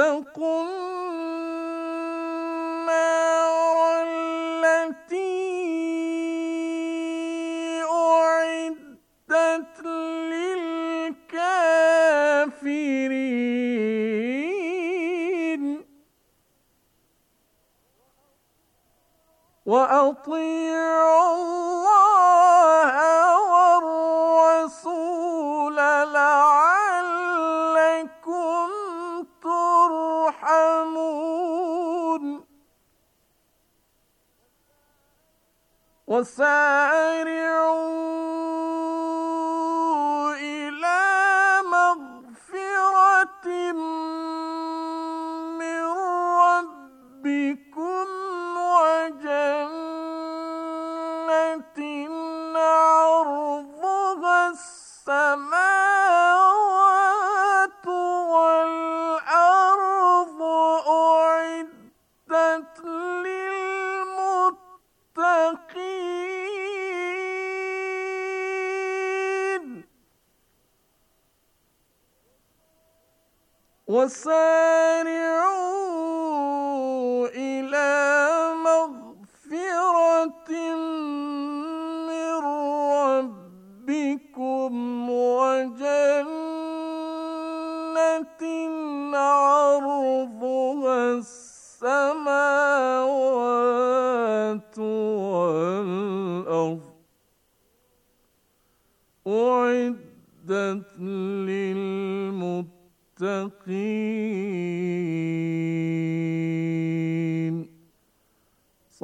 فقل وسارعوا criança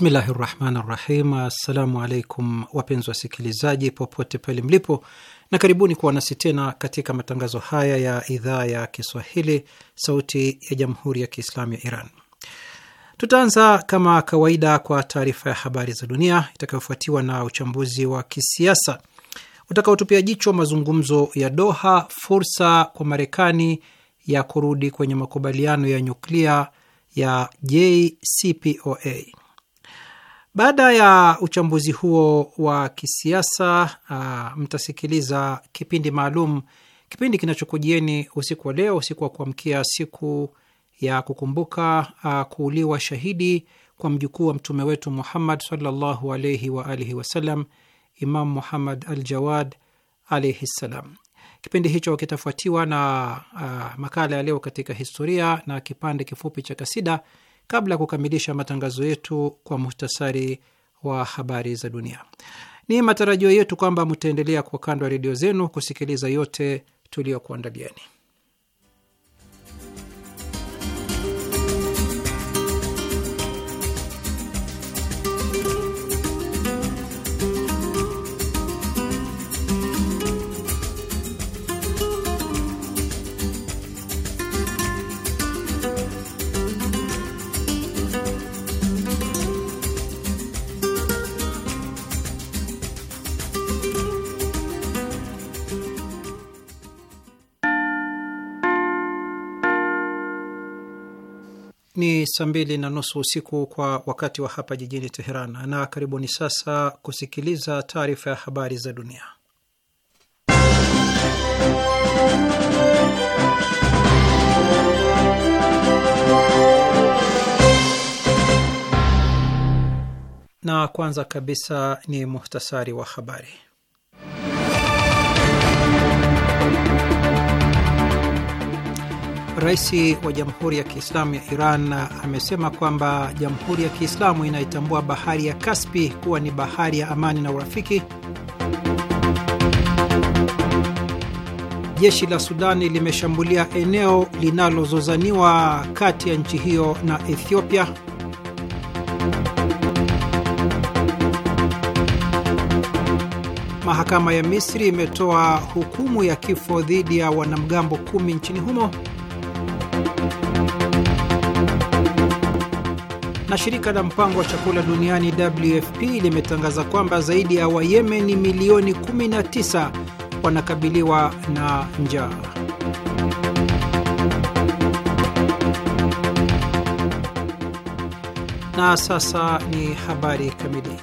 Bismillahi rahmani rahim. Assalamu alaikum wapenzi wasikilizaji popote pale mlipo, na karibuni kuwa nasi tena katika matangazo haya ya idhaa ya Kiswahili, Sauti ya Jamhuri ya Kiislamu ya Iran. Tutaanza kama kawaida kwa taarifa ya habari za dunia itakayofuatiwa na uchambuzi wa kisiasa utakaotupia jicho mazungumzo ya Doha, fursa kwa Marekani ya kurudi kwenye makubaliano ya nyuklia ya JCPOA. Baada ya uchambuzi huo wa kisiasa uh, mtasikiliza kipindi maalum, kipindi kinachokujieni usiku wa leo, usiku wa kuamkia siku ya kukumbuka uh, kuuliwa shahidi kwa mjukuu wa mtume wetu Muhammad sallallahu alaihi wa alihi wasallam, Imam Muhammad al Jawad alaihi ssalam. Kipindi hicho kitafuatiwa na uh, makala ya leo katika historia na kipande kifupi cha kasida kabla ya kukamilisha matangazo yetu kwa muhtasari wa habari za dunia. Ni matarajio yetu kwamba mtaendelea kwa kando ya redio zenu kusikiliza yote tuliyokuandalieni. Ni saa mbili na nusu usiku kwa wakati wa hapa jijini Teheran, na karibuni sasa kusikiliza taarifa ya habari za dunia. Na kwanza kabisa ni muhtasari wa habari. Rais wa Jamhuri ya Kiislamu ya Iran amesema kwamba Jamhuri ya Kiislamu inaitambua bahari ya Kaspi kuwa ni bahari ya amani na urafiki. Jeshi la Sudani limeshambulia eneo linalozozaniwa kati ya nchi hiyo na Ethiopia. Mahakama ya Misri imetoa hukumu ya kifo dhidi ya wanamgambo kumi nchini humo. Na shirika la mpango wa chakula duniani WFP limetangaza kwamba zaidi ya Wayemeni milioni 19 wanakabiliwa na njaa. Na sasa ni habari kamili.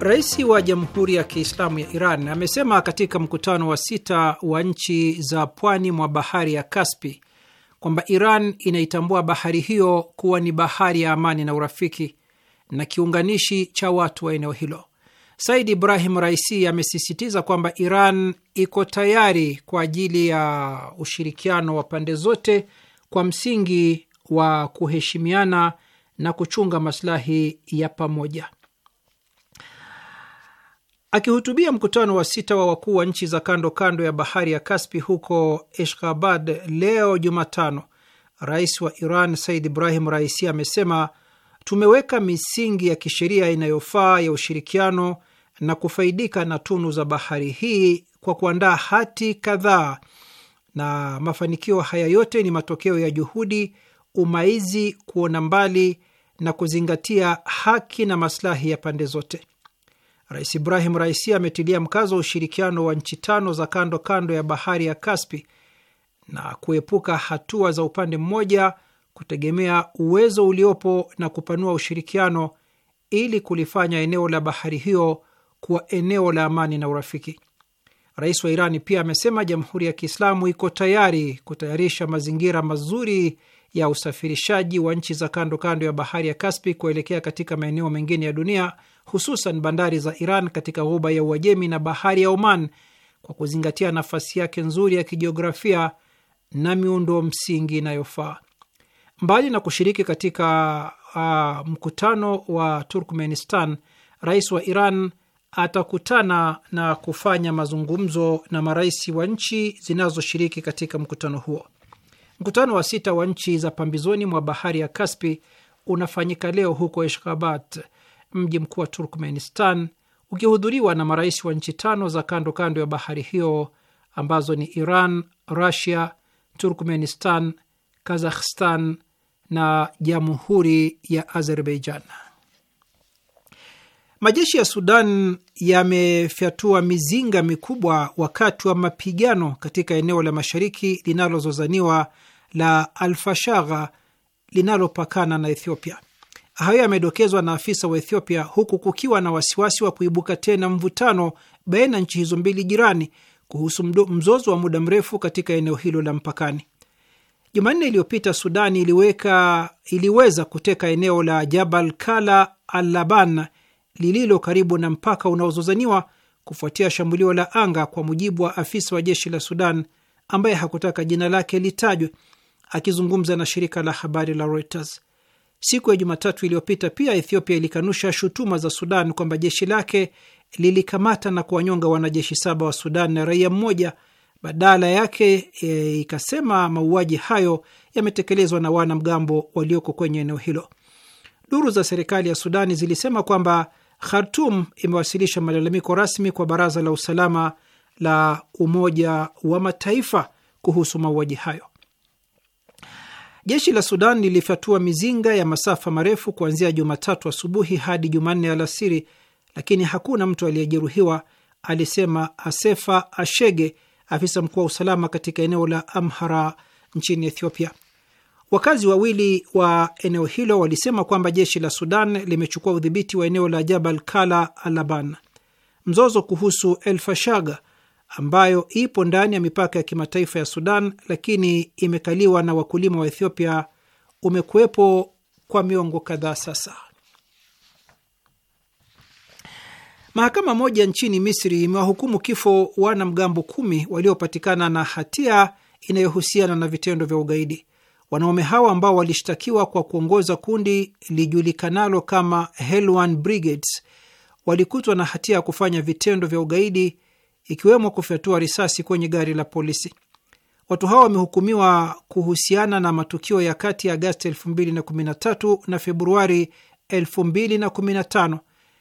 Rais wa Jamhuri ya Kiislamu ya Iran amesema katika mkutano wa sita wa nchi za pwani mwa bahari ya Kaspi kwamba Iran inaitambua bahari hiyo kuwa ni bahari ya amani na urafiki na kiunganishi cha watu wa eneo hilo. Said Ibrahim Raisi amesisitiza kwamba Iran iko tayari kwa ajili ya ushirikiano wa pande zote kwa msingi wa kuheshimiana na kuchunga masilahi ya pamoja. Akihutubia mkutano wa sita wa wakuu wa nchi za kando kando ya bahari ya Kaspi huko Ashgabad leo Jumatano, rais wa Iran Said Ibrahim Raisi amesema tumeweka misingi ya kisheria inayofaa ya ushirikiano na kufaidika na tunu za bahari hii kwa kuandaa hati kadhaa, na mafanikio haya yote ni matokeo ya juhudi, umaizi, kuona mbali na kuzingatia haki na maslahi ya pande zote. Rais Ibrahim Raisi ametilia mkazo wa ushirikiano wa nchi tano za kando kando ya bahari ya Kaspi na kuepuka hatua za upande mmoja, kutegemea uwezo uliopo na kupanua ushirikiano ili kulifanya eneo la bahari hiyo kuwa eneo la amani na urafiki. Rais wa Irani pia amesema Jamhuri ya Kiislamu iko tayari kutayarisha mazingira mazuri ya usafirishaji wa nchi za kando kando ya bahari ya Kaspi kuelekea katika maeneo mengine ya dunia, hususan bandari za Iran katika ghuba ya Uajemi na bahari ya Oman, kwa kuzingatia nafasi yake nzuri ya kijiografia na miundo msingi inayofaa. Mbali na kushiriki katika uh, mkutano wa Turkmenistan, rais wa Iran atakutana na kufanya mazungumzo na marais wa nchi zinazoshiriki katika mkutano huo. Mkutano wa sita wa nchi za pambizoni mwa bahari ya Kaspi unafanyika leo huko Ashgabat, mji mkuu wa Turkmenistan, ukihudhuriwa na marais wa nchi tano za kando kando ya bahari hiyo ambazo ni Iran, Rusia, Turkmenistan, Kazakhstan na jamhuri ya Azerbaijan. Majeshi ya Sudan yamefyatua mizinga mikubwa wakati wa mapigano katika eneo la mashariki linalozozaniwa la Alfashagha linalopakana na Ethiopia. Hayo yamedokezwa na afisa wa Ethiopia, huku kukiwa na wasiwasi wa kuibuka tena mvutano baina ya nchi hizo mbili jirani kuhusu mzozo wa muda mrefu katika eneo hilo la mpakani. Jumanne iliyopita Sudani iliweka, iliweza kuteka eneo la Jabal Kala Alaban lililo karibu na mpaka unaozozaniwa kufuatia shambulio la anga, kwa mujibu wa afisa wa jeshi la Sudan ambaye hakutaka jina lake litajwe, akizungumza na shirika la habari la Reuters. Siku ya Jumatatu iliyopita pia Ethiopia ilikanusha shutuma za Sudan kwamba jeshi lake lilikamata na kuwanyonga wanajeshi saba wa Sudan na raia mmoja. Badala yake e, ikasema mauaji hayo yametekelezwa na wanamgambo walioko kwenye eneo hilo. Duru za serikali ya Sudani zilisema kwamba Khartum imewasilisha malalamiko rasmi kwa Baraza la Usalama la Umoja wa Mataifa kuhusu mauaji hayo. Jeshi la Sudan lilifyatua mizinga ya masafa marefu kuanzia Jumatatu asubuhi hadi Jumanne alasiri, lakini hakuna mtu aliyejeruhiwa, alisema Asefa Ashege, afisa mkuu wa usalama katika eneo la Amhara nchini Ethiopia. Wakazi wawili wa eneo hilo walisema kwamba jeshi la Sudan limechukua udhibiti wa eneo la Jabal Kala Alaban. Mzozo kuhusu El Fashaga ambayo ipo ndani ya mipaka ya kimataifa ya Sudan lakini imekaliwa na wakulima wa Ethiopia umekuwepo kwa miongo kadhaa sasa. Mahakama moja nchini Misri imewahukumu kifo wanamgambo kumi waliopatikana na hatia inayohusiana na vitendo vya ugaidi. Wanaume hawa ambao walishtakiwa kwa kuongoza kundi lijulikanalo kama Helwan Brigades walikutwa na hatia ya kufanya vitendo vya ugaidi ikiwemo kufyatua risasi kwenye gari la polisi. Watu hao wamehukumiwa kuhusiana na matukio ya kati ya Agasti 2013 na Februari 2015,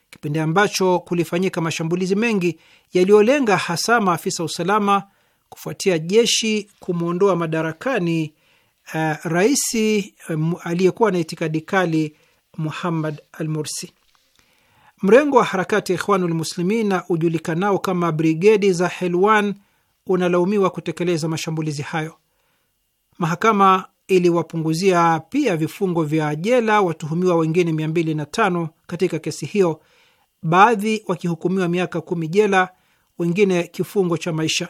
kipindi ambacho kulifanyika mashambulizi mengi yaliyolenga hasa maafisa usalama kufuatia jeshi kumwondoa madarakani uh, rais um, aliyekuwa na itikadi kali Muhammad al-Mursi. Mrengo wa harakati ya Ikhwanul Muslimina ujulikanao kama Brigedi za Helwan unalaumiwa kutekeleza mashambulizi hayo. Mahakama iliwapunguzia pia vifungo vya jela watuhumiwa wengine 205 katika kesi hiyo, baadhi wakihukumiwa miaka kumi jela, wengine kifungo cha maisha.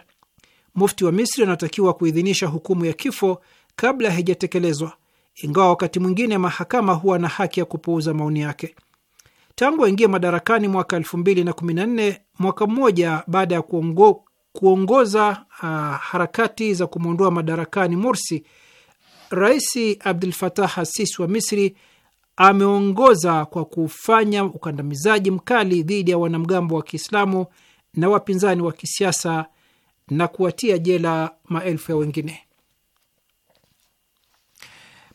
Mufti wa Misri anatakiwa kuidhinisha hukumu ya kifo kabla haijatekelezwa, ingawa wakati mwingine mahakama huwa na haki ya kupuuza maoni yake. Tangu aingie madarakani mwaka elfu mbili na kumi nne mwaka mmoja baada ya kuongo, kuongoza uh, harakati za kumwondoa madarakani mursi Rais Abdul Fatah Assis wa Misri ameongoza kwa kufanya ukandamizaji mkali dhidi ya wanamgambo wa Kiislamu na wapinzani wa kisiasa na kuwatia jela maelfu ya wengine.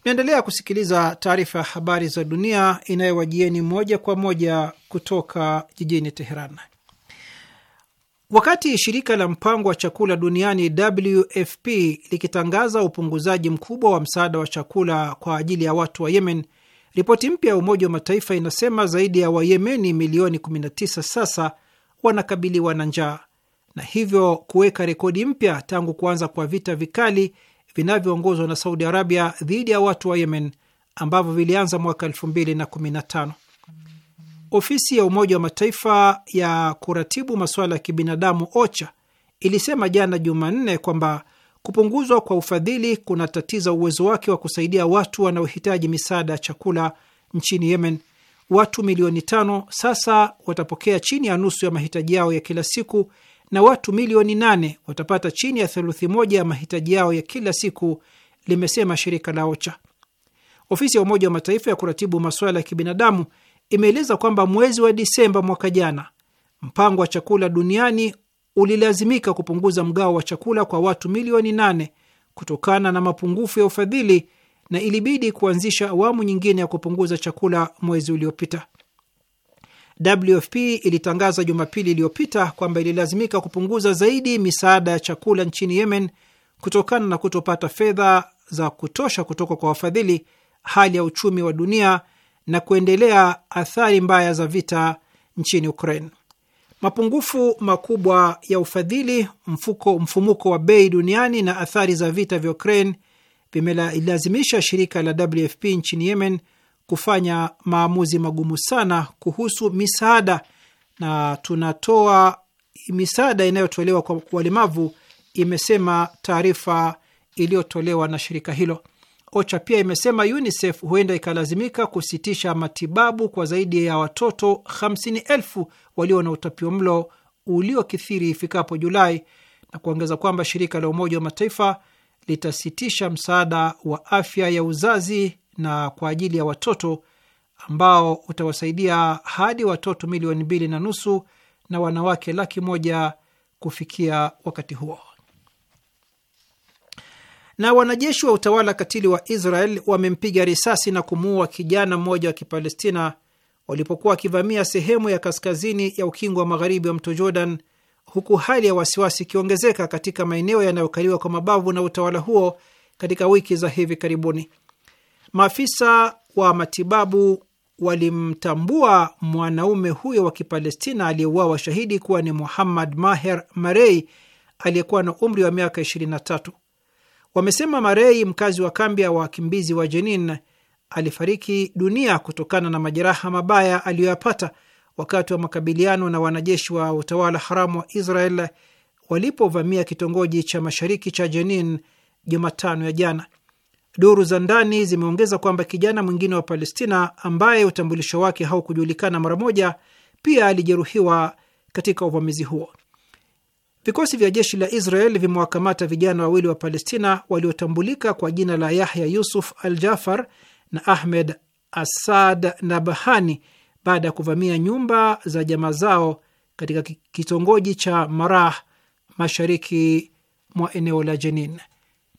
Naendelea kusikiliza taarifa ya habari za dunia inayowajieni moja kwa moja kutoka jijini Teheran. Wakati shirika la mpango wa chakula duniani WFP likitangaza upunguzaji mkubwa wa msaada wa chakula kwa ajili ya watu wa Yemen, ripoti mpya ya Umoja wa Mataifa inasema zaidi ya Wayemeni milioni 19 sasa wanakabiliwa na njaa na hivyo kuweka rekodi mpya tangu kuanza kwa vita vikali vinavyoongozwa na Saudi Arabia dhidi ya watu wa Yemen ambavyo vilianza mwaka 2015. Ofisi ya Umoja wa Mataifa ya kuratibu masuala ya kibinadamu OCHA ilisema jana Jumanne kwamba kupunguzwa kwa ufadhili kunatatiza uwezo wake wa kusaidia watu wanaohitaji misaada ya chakula nchini Yemen. Watu milioni tano sasa watapokea chini ya nusu ya mahitaji yao ya kila siku na watu milioni nane watapata chini ya theluthi moja ya mahitaji yao ya kila siku, limesema shirika la OCHA. Ofisi ya Umoja wa Mataifa ya kuratibu masuala ya kibinadamu imeeleza kwamba mwezi wa Disemba mwaka jana, mpango wa chakula duniani ulilazimika kupunguza mgao wa chakula kwa watu milioni nane kutokana na mapungufu ya ufadhili na ilibidi kuanzisha awamu nyingine ya kupunguza chakula mwezi uliopita. WFP ilitangaza Jumapili iliyopita kwamba ililazimika kupunguza zaidi misaada ya chakula nchini Yemen kutokana na kutopata fedha za kutosha kutoka kwa wafadhili, hali ya uchumi wa dunia na kuendelea athari mbaya za vita nchini Ukraine. Mapungufu makubwa ya ufadhili, mfuko, mfumuko wa bei duniani na athari za vita vya Ukraine vimelazimisha shirika la WFP nchini Yemen kufanya maamuzi magumu sana kuhusu misaada, na tunatoa misaada inayotolewa kwa walemavu, imesema taarifa iliyotolewa na shirika hilo. OCHA pia imesema UNICEF huenda ikalazimika kusitisha matibabu kwa zaidi ya watoto elfu walio na utapio mlo uliokithiri ifikapo Julai, na kuongeza kwamba shirika la Umoja wa Mataifa litasitisha msaada wa afya ya uzazi na kwa ajili ya watoto ambao utawasaidia hadi watoto milioni mbili na nusu na wanawake laki moja kufikia wakati huo. Na wanajeshi wa utawala katili wa Israel wamempiga risasi na kumuua kijana mmoja wa Kipalestina walipokuwa wakivamia sehemu ya kaskazini ya ukingo wa magharibi wa mto Jordan, huku hali ya wasiwasi ikiongezeka katika maeneo yanayokaliwa kwa mabavu na utawala huo katika wiki za hivi karibuni. Maafisa wa matibabu walimtambua mwanaume huyo wa Kipalestina aliyeuawa shahidi kuwa ni Muhammad Maher Marei aliyekuwa na umri wa miaka 23. Wamesema Marei, mkazi wa kambi ya wakimbizi wa Jenin, alifariki dunia kutokana na majeraha mabaya aliyoyapata wakati wa makabiliano na wanajeshi wa utawala haramu wa Israel walipovamia kitongoji cha mashariki cha Jenin Jumatano ya jana. Duru za ndani zimeongeza kwamba kijana mwingine wa Palestina ambaye utambulisho wake haukujulikana mara moja pia alijeruhiwa katika uvamizi huo. Vikosi vya jeshi la Israel vimewakamata vijana wawili wa Palestina waliotambulika kwa jina la Yahya Yusuf Al Jafar na Ahmed Asad Nabahani baada ya kuvamia nyumba za jamaa zao katika kitongoji cha Marah mashariki mwa eneo la Jenin.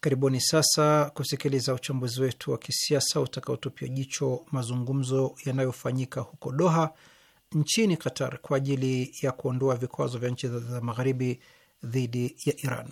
Karibuni sasa kusikiliza uchambuzi wetu wa kisiasa utakaotupia jicho mazungumzo yanayofanyika huko Doha nchini Qatar kwa ajili ya kuondoa vikwazo vya nchi za magharibi dhidi ya Iran.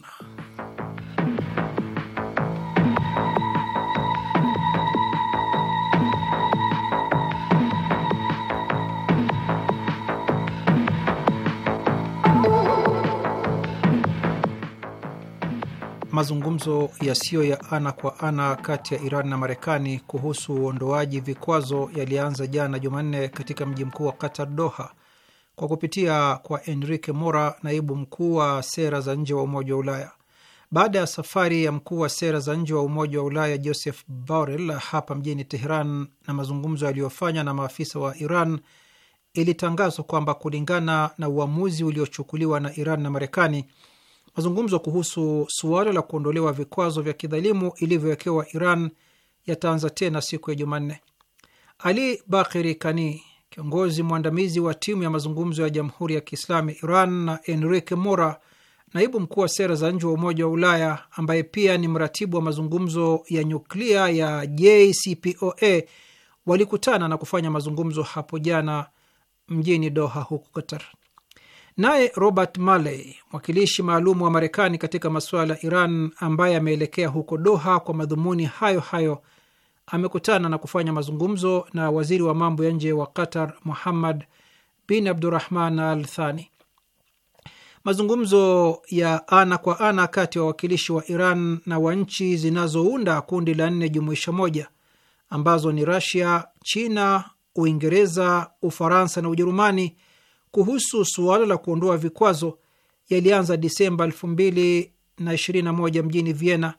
mazungumzo yasiyo ya ana kwa ana kati ya Iran na Marekani kuhusu uondoaji vikwazo yalianza jana Jumanne katika mji mkuu wa Qatar, Doha, kwa kupitia kwa Enrique Mora, naibu mkuu wa sera za nje wa Umoja wa Ulaya. Baada ya safari ya mkuu wa sera za nje wa Umoja wa Ulaya Joseph Borrell hapa mjini Teheran na mazungumzo yaliyofanya na maafisa wa Iran, ilitangazwa kwamba kulingana na uamuzi uliochukuliwa na Iran na Marekani mazungumzo kuhusu suala la kuondolewa vikwazo vya kidhalimu ilivyowekewa Iran yataanza tena siku ya Jumanne. Ali Bakiri Kani, kiongozi mwandamizi wa timu ya mazungumzo ya Jamhuri ya kiislami Iran, na Enrique Mora, naibu mkuu wa sera za nje wa Umoja wa Ulaya ambaye pia ni mratibu wa mazungumzo ya nyuklia ya JCPOA walikutana na kufanya mazungumzo hapo jana mjini Doha huko Qatar. Naye Robert Malley, mwakilishi maalum wa Marekani katika masuala ya Iran, ambaye ameelekea huko Doha kwa madhumuni hayo hayo, amekutana na kufanya mazungumzo na waziri wa mambo ya nje wa Qatar, Muhammad bin Abdurahman Al Thani. Mazungumzo ya ana kwa ana kati ya wawakilishi wa Iran na wa nchi zinazounda kundi la nne jumuisha moja ambazo ni Rasia, China, Uingereza, Ufaransa na Ujerumani kuhusu suala la kuondoa vikwazo yalianza Disemba 2021 mjini Vienna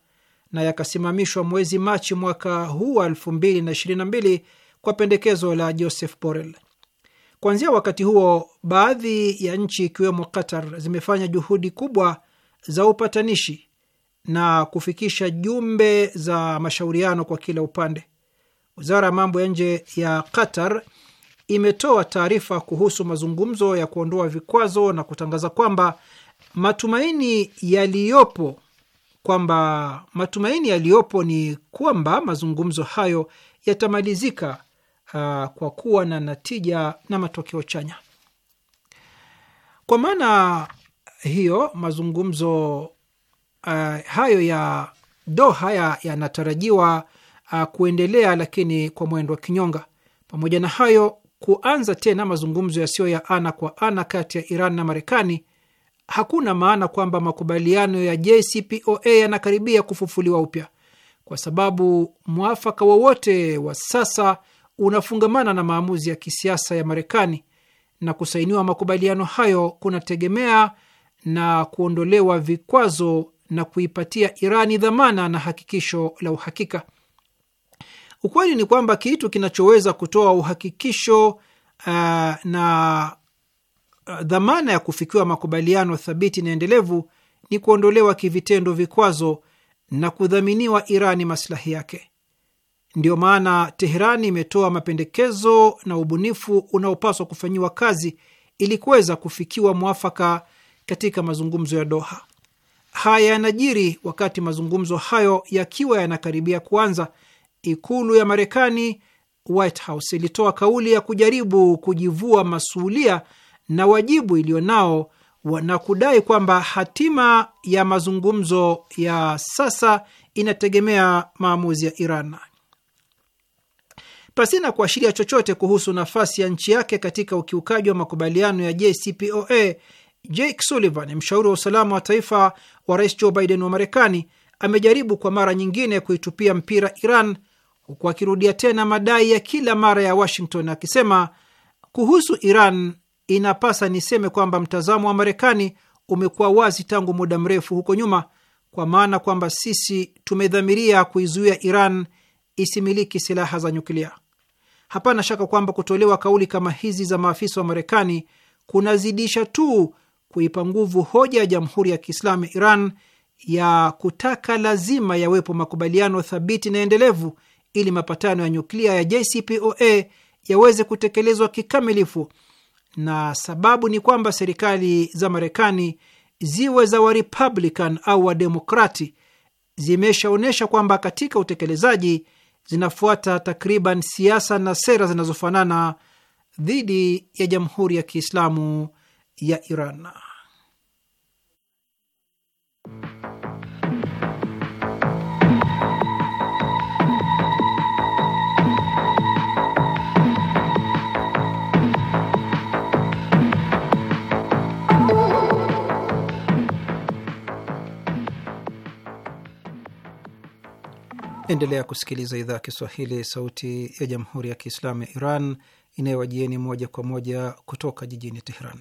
na yakasimamishwa mwezi Machi mwaka huu wa 2022 kwa pendekezo la Joseph Borrell. Kuanzia wakati huo, baadhi ya nchi ikiwemo Qatar zimefanya juhudi kubwa za upatanishi na kufikisha jumbe za mashauriano kwa kila upande. Wizara ya mambo ya nje ya Qatar imetoa taarifa kuhusu mazungumzo ya kuondoa vikwazo na kutangaza kwamba matumaini yaliyopo kwamba matumaini yaliyopo ni kwamba mazungumzo hayo yatamalizika uh, kwa kuwa na natija na matokeo chanya. Kwa maana hiyo mazungumzo uh, hayo ya Doha yanatarajiwa ya uh, kuendelea, lakini kwa mwendo wa kinyonga. Pamoja na hayo, kuanza tena mazungumzo yasiyo ya ana kwa ana kati ya Iran na Marekani hakuna maana kwamba makubaliano ya JCPOA yanakaribia kufufuliwa upya, kwa sababu mwafaka wowote wa, sasa unafungamana na maamuzi ya kisiasa ya Marekani na kusainiwa makubaliano hayo kunategemea na kuondolewa vikwazo na kuipatia Irani dhamana na hakikisho la uhakika. Ukweli ni kwamba kitu kinachoweza kutoa uhakikisho uh, na uh, dhamana ya kufikiwa makubaliano thabiti na endelevu ni kuondolewa kivitendo vikwazo na kudhaminiwa Irani masilahi yake. Ndiyo maana Teherani imetoa mapendekezo na ubunifu unaopaswa kufanyiwa kazi ili kuweza kufikiwa mwafaka katika mazungumzo ya Doha. Haya yanajiri wakati mazungumzo hayo yakiwa yanakaribia kuanza ikulu ya Marekani, White House, ilitoa kauli ya kujaribu kujivua masuulia na wajibu iliyonao na kudai kwamba hatima ya mazungumzo ya sasa inategemea maamuzi ya Iran pasina kuashiria chochote kuhusu nafasi ya nchi yake katika ukiukaji wa makubaliano ya JCPOA. Jake Sullivan, mshauri wa usalama wa taifa wa rais Joe Biden wa Marekani, amejaribu kwa mara nyingine kuitupia mpira Iran huku akirudia tena madai ya kila mara ya Washington akisema, kuhusu Iran inapasa niseme kwamba mtazamo wa Marekani umekuwa wazi tangu muda mrefu huko nyuma, kwa maana kwamba sisi tumedhamiria kuizuia Iran isimiliki silaha za nyuklia. Hapana shaka kwamba kutolewa kauli kama hizi za maafisa wa Marekani kunazidisha tu kuipa nguvu hoja ya Jamhuri ya Kiislamu ya Iran ya kutaka lazima yawepo makubaliano thabiti na endelevu ili mapatano ya nyuklia ya JCPOA yaweze kutekelezwa kikamilifu, na sababu ni kwamba serikali za Marekani ziwe za warpublican au Wademokrati zimeshaonyesha kwamba katika utekelezaji zinafuata takriban siasa na sera zinazofanana dhidi ya Jamhuri ya Kiislamu ya Iran. Endelea kusikiliza idhaa ya Kiswahili, sauti ya jamhuri ya kiislamu ya Iran inayowajieni moja kwa moja kutoka jijini Teheran.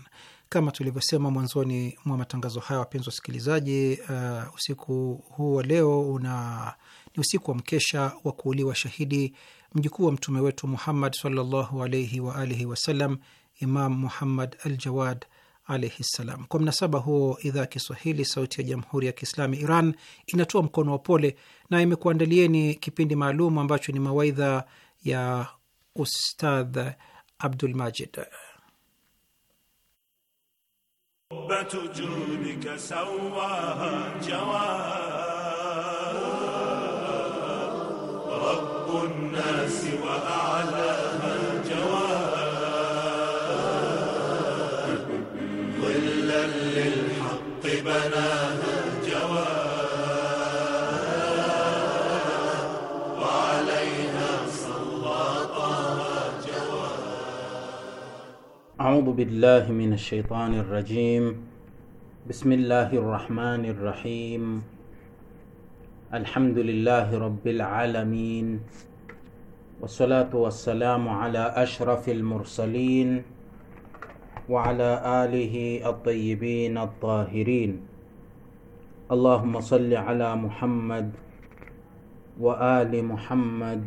Kama tulivyosema mwanzoni mwa matangazo haya, wapenzi wasikilizaji, uh, usiku huu wa leo una ni usiku wa mkesha wa kuuliwa shahidi mjukuu wa mtume wetu Muhammad sallallahu alaihi wa alihi wasallam, Imam Muhammad al Jawad alaihi ssalam. Kwa mnasaba huo, idhaa ya Kiswahili sauti ya jamhuri ya kiislamu ya Iran inatoa mkono wa pole na imekuandalieni kipindi maalum ambacho ni mawaidha ya Ustadh Abdul Majid. أعوذ بالله من الشيطان الرجيم بسم الله الرحمن الرحيم الحمد لله رب العالمين والصلاة والسلام على أشرف المرسلين وعلى آله الطيبين الطاهرين اللهم صل على محمد وآل محمد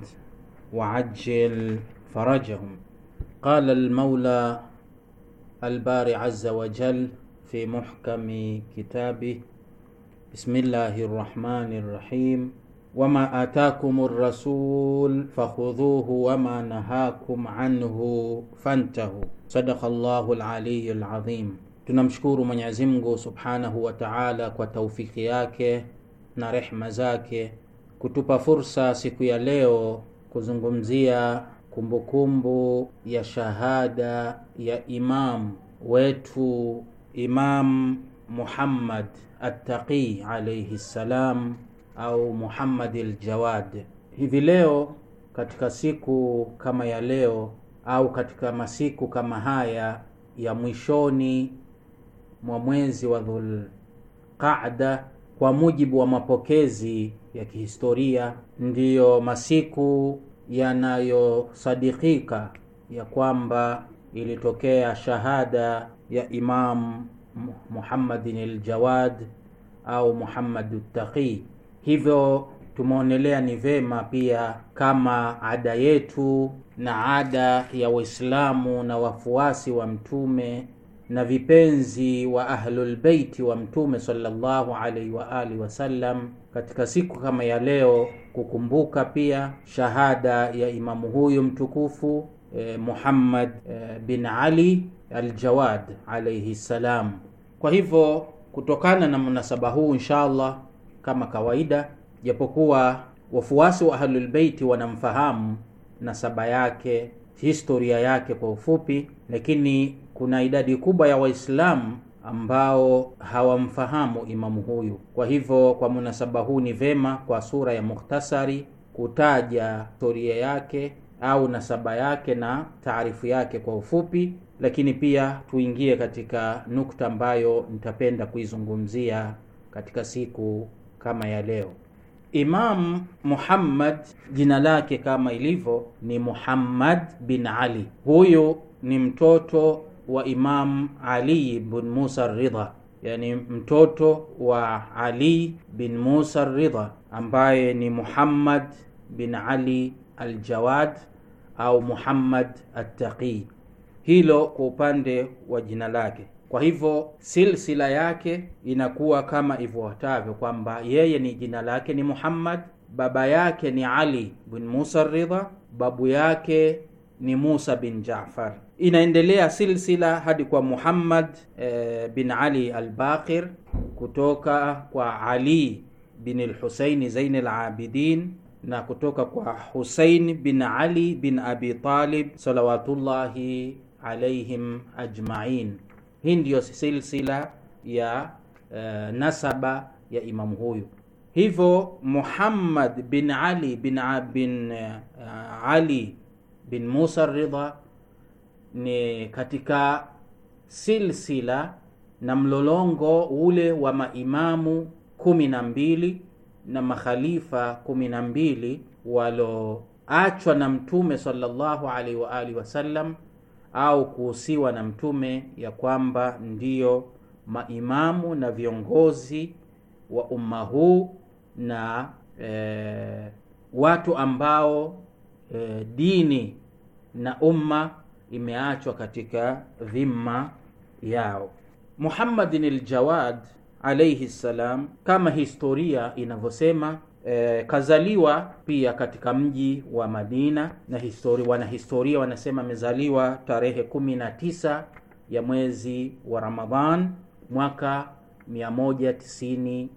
وعجل فرجهم قال المولى Al-Bari azza wa jal fi muhkami kitabi bismillahi rrahmani rrahim wama atakum rasul fakhudhuhu wama nahakum anhu fantahu sadaqa llahu laliyu ladhim. Tunamshukuru Mwenyezi Mungu subhanahu wa taala kwa taufiki yake na rehma zake kutupa fursa siku ya leo kuzungumzia kumbukumbu ya shahada ya imamu wetu Imam Muhammad Attaqi alayhi ssalam au Muhammad Aljawad. Hivi leo katika siku kama ya leo au katika masiku kama haya ya mwishoni mwa mwezi wa Dhulqaada, kwa mujibu wa mapokezi ya kihistoria, ndiyo masiku yanayosadikika ya kwamba ilitokea shahada ya Imam Muhammadin al-Jawad au Muhammad Taqi. Hivyo tumeonelea ni vema pia kama ada yetu na ada ya Waislamu na wafuasi wa mtume na vipenzi wa ahlulbeiti wa mtume sallallahu alaihi wa alihi wasallam, katika siku kama ya leo kukumbuka pia shahada ya imamu huyu mtukufu eh, Muhammad eh, bin Ali al-Jawad alayhi salam. Kwa hivyo kutokana na mnasaba huu insha Allah, kama kawaida, japokuwa wafuasi wa Ahlul wanamfahamu nasaba yake, historia yake kwa ufupi, lakini kuna idadi kubwa ya Waislamu ambao hawamfahamu imamu huyu. Kwa hivyo, kwa munasaba huu ni vema kwa sura ya mukhtasari kutaja historia yake au nasaba yake na taarifu yake kwa ufupi, lakini pia tuingie katika nukta ambayo nitapenda kuizungumzia katika siku kama ya leo. Imam Muhammad jina lake kama ilivyo ni Muhammad bin Ali. Huyu ni mtoto wa Imam Ali bin Musa Ridha, yani mtoto wa Ali bin Musa Ridha ambaye ni Muhammad bin Ali al-Jawad au Muhammad at-Taqi. Hilo kwa upande wa jina lake. Kwa hivyo silsila yake inakuwa kama ifuatavyo, kwamba yeye ni jina lake ni Muhammad, baba yake ni Ali bin Musa Ridha, babu yake ni Musa bin Jaafar. Inaendelea silsila hadi kwa Muhammad e, bin Ali al-Baqir kutoka kwa Ali bin al-Husaini Zain al-Abidin na kutoka kwa Husain bin Ali bin Abi Talib salawatullahi alayhim ajma'in. Hii ndiyo silsila ya e, nasaba ya imamu huyu. Hivyo Muhammad bin Ali bin, bin uh, eh, Ali bin Musa Ridha ni katika silsila na mlolongo ule wa maimamu kumi na mbili na makhalifa kumi na mbili waloachwa na Mtume sallallahu alaihi wa alihi wasallam au kuhusiwa na Mtume ya kwamba ndiyo maimamu na viongozi wa umma huu na e, watu ambao e, dini na umma imeachwa katika dhima yao. Muhammadin al-Jawad alayhi salam, kama historia inavyosema e, kazaliwa pia katika mji wa Madina na histori, wanahistoria wanasema amezaliwa tarehe 19 ya mwezi wa Ramadhan mwaka 195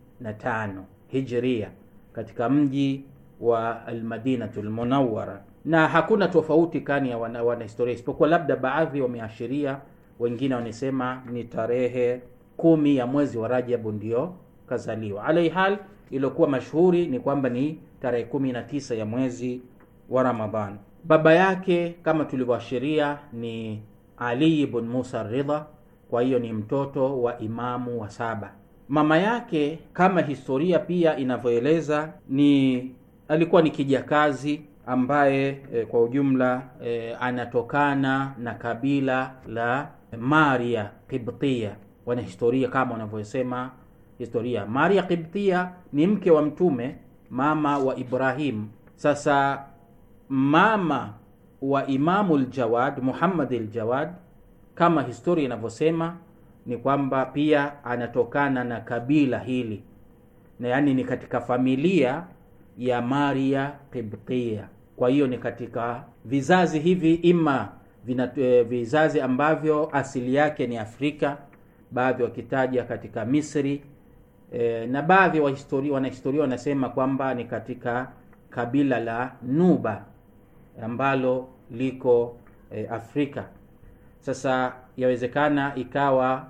Hijria katika mji wa Almadinatul Munawwara na hakuna tofauti kani ya wana, wanahistoria isipokuwa labda baadhi wameashiria, wengine wanasema ni tarehe kumi ya mwezi wa Rajabu ndio kazaliwa. hal iliyokuwa mashuhuri ni kwamba ni tarehe kumi na tisa ya mwezi wa Ramadhan. Baba yake kama tulivyoashiria ni Ali ibn Musa Ridha, kwa hiyo ni mtoto wa imamu wa saba. Mama yake kama historia pia inavyoeleza, ni alikuwa ni kijakazi ambaye e, kwa ujumla e, anatokana na kabila la Maria Qibtia. Wanahistoria kama wanavyosema historia, Maria Qibtia ni mke wa Mtume, mama wa Ibrahim. Sasa mama wa Imamu Ljawad, Muhammad Ljawad, kama historia inavyosema ni kwamba pia anatokana na kabila hili na yaani ni katika familia ya Maria Qibtia. Kwa hiyo ni katika vizazi hivi, ima vina, e, vizazi ambavyo asili yake ni Afrika, baadhi wakitaja katika Misri e, na baadhi wanahistoria wanasema kwamba ni katika kabila la Nuba ambalo liko e, Afrika. Sasa yawezekana ikawa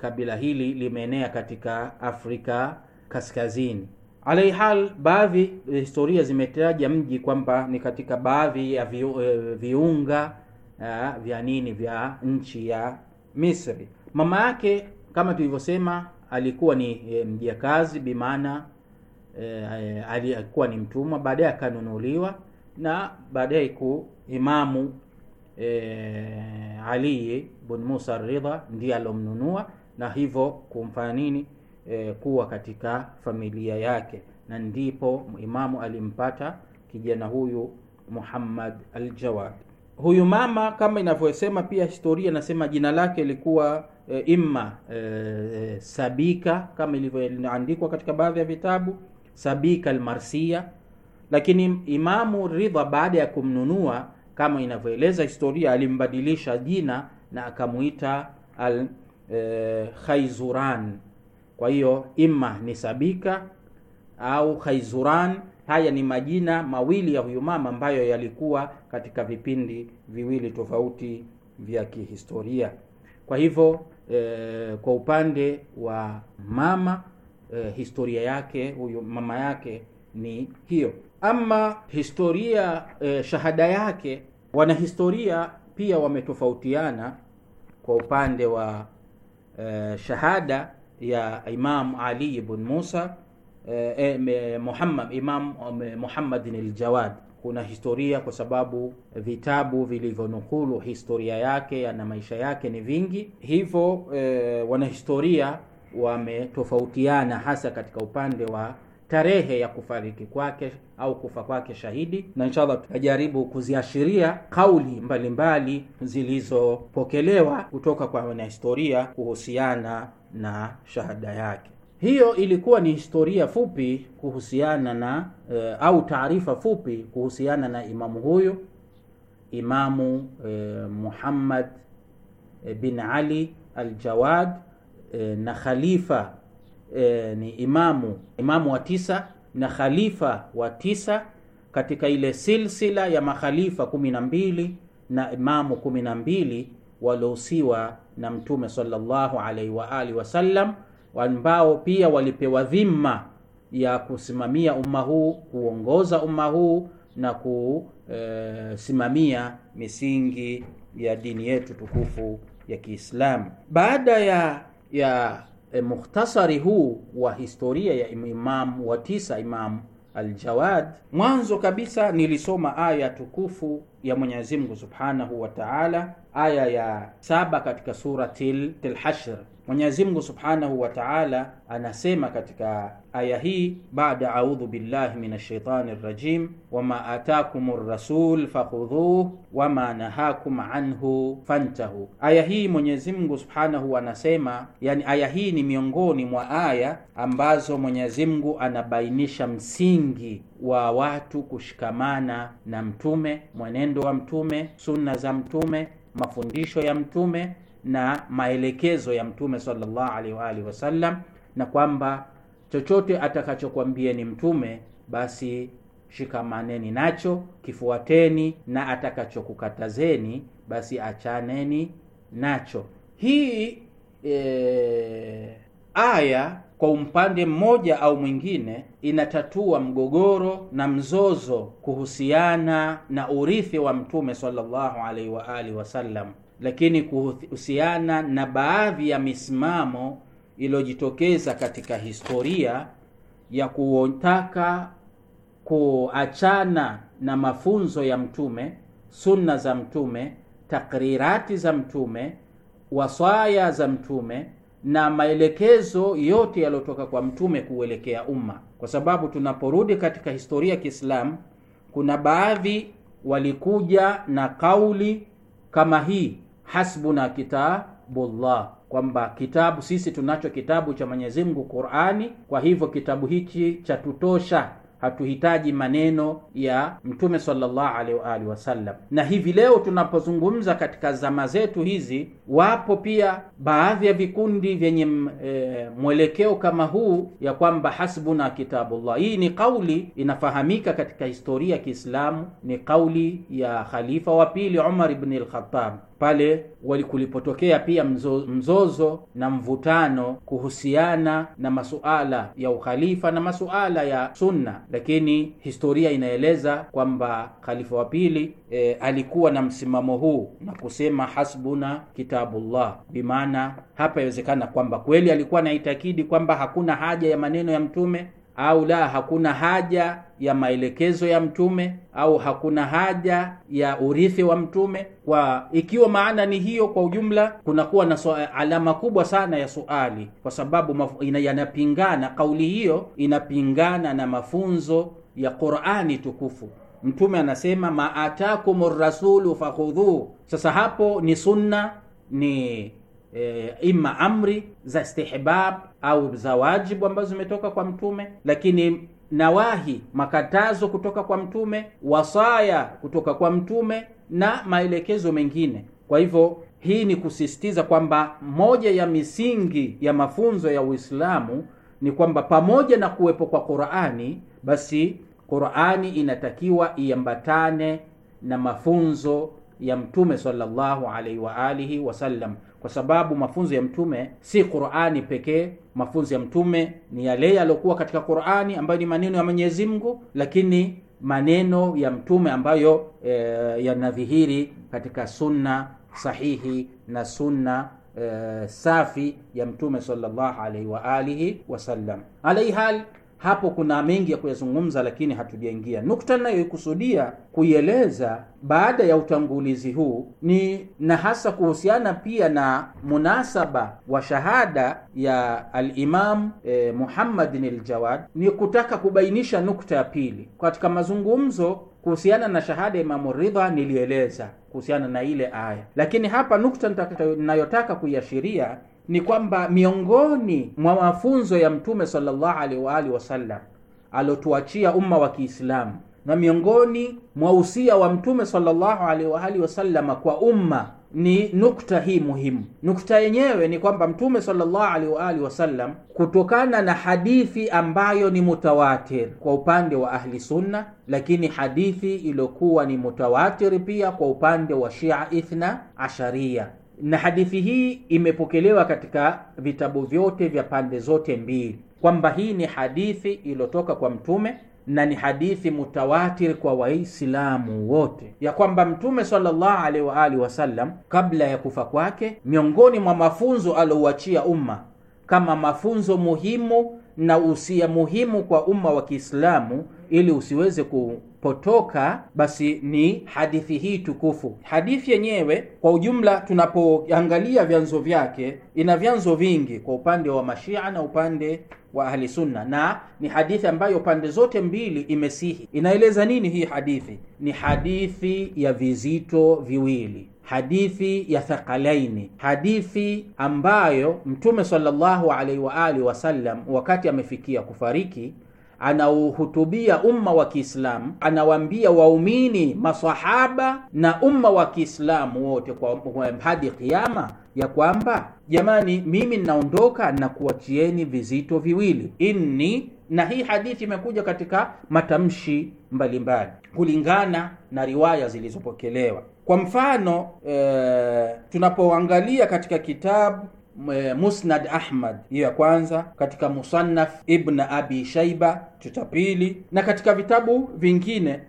kabila hili limeenea katika Afrika kaskazini. Alaihal, baadhi eh, historia zimetaja mji kwamba ni katika baadhi ya vi, eh, viunga eh, vya nini vya nchi ya Misri. Mama yake kama tulivyosema alikuwa ni mjakazi bi maana e, alikuwa ni mtumwa, baadaye akanunuliwa na baadaye ku imamu e, Ali bin Musa Ridha ndiye alomnunua na hivyo kumfanya nini e, kuwa katika familia yake, na ndipo Imamu alimpata kijana huyu Muhammad al-Jawad. Huyu mama kama inavyosema pia historia nasema jina lake lilikuwa e, eh, imma e, Sabika kama ilivyoandikwa katika baadhi ya vitabu Sabika al-Marsiya, lakini Imamu Ridha baada ya kumnunua kama inavyoeleza historia alimbadilisha jina na akamuita al e, Khaizuran. Kwa hiyo imma ni Sabika au Khaizuran. Haya ni majina mawili ya huyu mama ambayo yalikuwa katika vipindi viwili tofauti vya kihistoria. Kwa hivyo e, kwa upande wa mama e, historia yake huyu mama yake ni hiyo. Ama historia e, shahada yake, wanahistoria pia wametofautiana kwa upande wa e, shahada ya Imam Ali ibn Musa eh, eh, Muhammad, Imam eh, Muhammadin al-Jawad kuna historia kwa sababu vitabu vilivyonukulu historia yake na maisha yake ni vingi, hivyo eh, wanahistoria wametofautiana hasa katika upande wa tarehe ya kufariki kwake au kufa kwake shahidi, na inshallah tutajaribu kuziashiria kauli mbalimbali zilizopokelewa kutoka kwa wanahistoria kuhusiana na shahada yake. Hiyo ilikuwa ni historia fupi kuhusiana na e, au taarifa fupi kuhusiana na imamu huyu Imamu e, Muhammad e, bin Ali al-Jawad e, na khalifa e, ni imamu imamu wa tisa na khalifa wa tisa katika ile silsila ya makhalifa kumi na mbili na imamu kumi na mbili waliohusiwa na Mtume sallallahu alaihi wa alihi wasallam ambao pia walipewa dhima ya kusimamia umma huu, kuongoza umma huu na kusimamia eh, misingi ya dini yetu tukufu ya Kiislamu. Baada ya ya e, mukhtasari huu wa historia ya imamu wa tisa imamu Aljawad. Mwanzo kabisa nilisoma aya tukufu ya Mwenyezi Mungu Subhanahu wa Ta'ala, aya ya saba katika suratil Hashr Mwenyezi Mungu Subhanahu wa Ta'ala anasema katika aya hii baada a'udhu billahi minash shaitani rajim wama atakum rasul fakhudhuhu wama nahakum anhu fantahu. Aya hii Mwenyezi Mungu Subhanahu anasema, yani aya hii ni miongoni mwa aya ambazo Mwenyezi Mungu anabainisha msingi wa watu kushikamana na mtume, mwenendo wa mtume, sunna za mtume, mafundisho ya mtume na maelekezo ya Mtume sallallahu alaihi wa alihi wasallam, na kwamba chochote ni Mtume basi shikamaneni nacho, kifuateni, na atakachokukatazeni basi achaneni nacho. Hii e, aya kwa upande mmoja au mwingine inatatua mgogoro na mzozo kuhusiana na urithi wa Mtume sallallahu alaihi wa alihi wasallam lakini kuhusiana na baadhi ya misimamo iliyojitokeza katika historia ya kutaka kuachana na mafunzo ya Mtume, sunna za Mtume, takrirati za Mtume, wasaya za Mtume na maelekezo yote yaliyotoka kwa Mtume kuelekea umma, kwa sababu tunaporudi katika historia ya Kiislamu kuna baadhi walikuja na kauli kama hii hasbuna kitabullah, kwamba kitabu sisi tunacho kitabu cha Mwenyezi Mungu Qur'ani. Kwa hivyo kitabu hichi cha tutosha, hatuhitaji maneno ya Mtume sallallahu alaihi wa alihi wasallam. Na hivi leo tunapozungumza katika zama zetu hizi, wapo pia baadhi ya vikundi vyenye e, mwelekeo kama huu ya kwamba hasbuna kitabullah. Hii ni kauli inafahamika katika historia ya Kiislamu, ni kauli ya khalifa wa pili Umar ibn al-Khattab pale kulipotokea pia mzozo, mzozo na mvutano kuhusiana na masuala ya ukhalifa na masuala ya sunna, lakini historia inaeleza kwamba khalifa wa pili e, alikuwa na msimamo huu na kusema hasbuna kitabullah, bimaana hapa yawezekana kwamba kweli alikuwa na itakidi kwamba hakuna haja ya maneno ya Mtume au la, hakuna haja ya maelekezo ya mtume au hakuna haja ya urithi wa mtume. Kwa ikiwa maana ni hiyo, kwa ujumla kunakuwa na alama kubwa sana ya suali, kwa sababu yanapingana. Kauli hiyo inapingana na mafunzo ya Qur'ani tukufu. Mtume anasema maatakumur rasulu fakhudhu. Sasa hapo ni sunna ni e, eh, ima amri za istihbab au za wajibu ambazo zimetoka kwa Mtume, lakini nawahi, makatazo kutoka kwa Mtume, wasaya kutoka kwa Mtume na maelekezo mengine. Kwa hivyo hii ni kusisitiza kwamba moja ya misingi ya mafunzo ya Uislamu ni kwamba pamoja na kuwepo kwa Qur'ani, basi Qur'ani inatakiwa iambatane na mafunzo ya Mtume sallallahu alaihi wa alihi wasallam kwa sababu mafunzo ya mtume si Qur'ani pekee. Mafunzo ya mtume ni yale yaliokuwa katika Qur'ani ambayo ni maneno ya Mwenyezi Mungu, lakini maneno ya mtume ambayo e, yanadhihiri katika sunna sahihi na sunna e, safi ya mtume sallallahu alaihi wa alihi wasallam alaihal hapo kuna mengi ya kuyazungumza, lakini hatujaingia. Nukta ninayoikusudia kuieleza baada ya utangulizi huu ni na hasa kuhusiana pia na munasaba wa shahada ya Alimam e, eh, Muhammadin ljawad ni kutaka kubainisha nukta ya pili katika mazungumzo kuhusiana na shahada ya Imamu Ridha nilieleza kuhusiana na ile aya, lakini hapa nukta ninayotaka kuiashiria ni kwamba miongoni mwa mafunzo ya Mtume sallallahu alaihi wa alihi wasallam alotuachia umma wa Kiislamu na miongoni mwa usia wa Mtume sallallahu alaihi wa alihi wasallam kwa umma ni nukta hii muhimu. Nukta yenyewe ni kwamba Mtume sallallahu alaihi wa alihi wasallam, kutokana na hadithi ambayo ni mutawatir kwa upande wa ahli sunna, lakini hadithi iliyokuwa ni mutawatir pia kwa upande wa Shia Ithna Asharia na hadithi hii imepokelewa katika vitabu vyote vya pande zote mbili kwamba hii ni hadithi iliyotoka kwa mtume na ni hadithi mutawatir kwa Waislamu wote ya kwamba Mtume sallallahu alaihi wa alihi wasallam kabla ya kufa kwake, miongoni mwa mafunzo aliouachia umma kama mafunzo muhimu na usia muhimu kwa umma wa Kiislamu ili usiweze potoka basi ni hadithi hii tukufu. Hadithi yenyewe kwa ujumla, tunapoangalia vyanzo vyake, ina vyanzo vingi kwa upande wa mashia na upande wa ahli sunna, na ni hadithi ambayo pande zote mbili imesihi. Inaeleza nini hii hadithi? Ni hadithi ya vizito viwili, hadithi ya thakalaini hadithi ambayo Mtume sallahu alaihi waalihi wasallam wakati amefikia kufariki anauhutubia umma wa Kiislamu, anawaambia waumini, masahaba na umma wa Kiislamu wote kwa hadi kiama, ya kwamba jamani, mimi ninaondoka na kuachieni vizito viwili inni, na hii hadithi imekuja katika matamshi mbalimbali kulingana na riwaya zilizopokelewa. Kwa mfano e, tunapoangalia katika kitabu Eh, Musnad Ahmad hiyo ya kwanza, katika Musannaf Ibn Abi Shaiba pili, na katika vitabu vingine